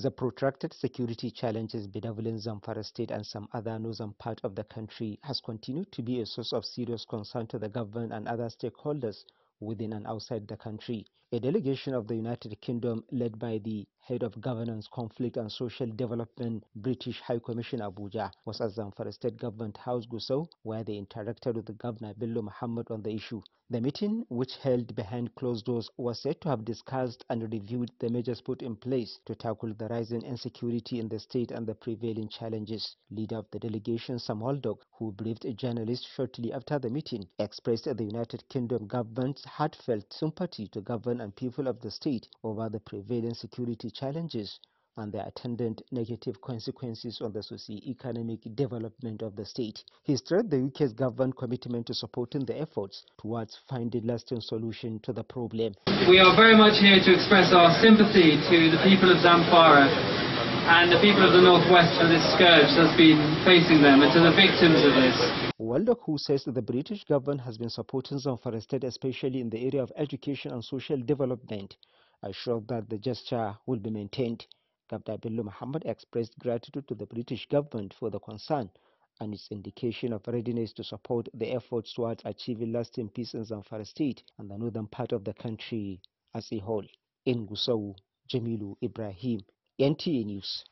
The protracted security challenges bedeviling Zamfara state and some other northern part of the country has continued to be a source of serious concern to the government and other stakeholders within and outside the country. A delegation of the United Kingdom led by the Head of Governance, Conflict and Social Development, British High Commission Abuja, was at Zamfara State Government House Gusau, where they interacted with the Governor Bello Muhammad on the issue. The meeting, which held behind closed doors, was said to have discussed and reviewed the measures put in place to tackle the rising insecurity in the state and the prevailing challenges. Leader of the delegation, Sam Holdog, who briefed journalists shortly after the meeting, expressed the United Kingdom government's heartfelt sympathy to government and people of the state over the prevailing security challenges and the attendant negative consequences on the socio-economic development of the state. He stressed the UK's government commitment to supporting the efforts towards finding lasting solution to the problem. We are very much here to express our sympathy to the people of Zamfara and the people of the Northwest for this scourge that's been facing them and to the victims of this. Waldock, who says the British government has been supporting Zamfara State, especially in the area of education and social development, Assured that the gesture will be maintained. Captain Bello Muhammad expressed gratitude to the British government for the concern and its indication of readiness to support the efforts towards achieving lasting peace in Zamfara state and the northern part of the country as a whole. In Gusau, Jamilu Ibrahim, NTA News.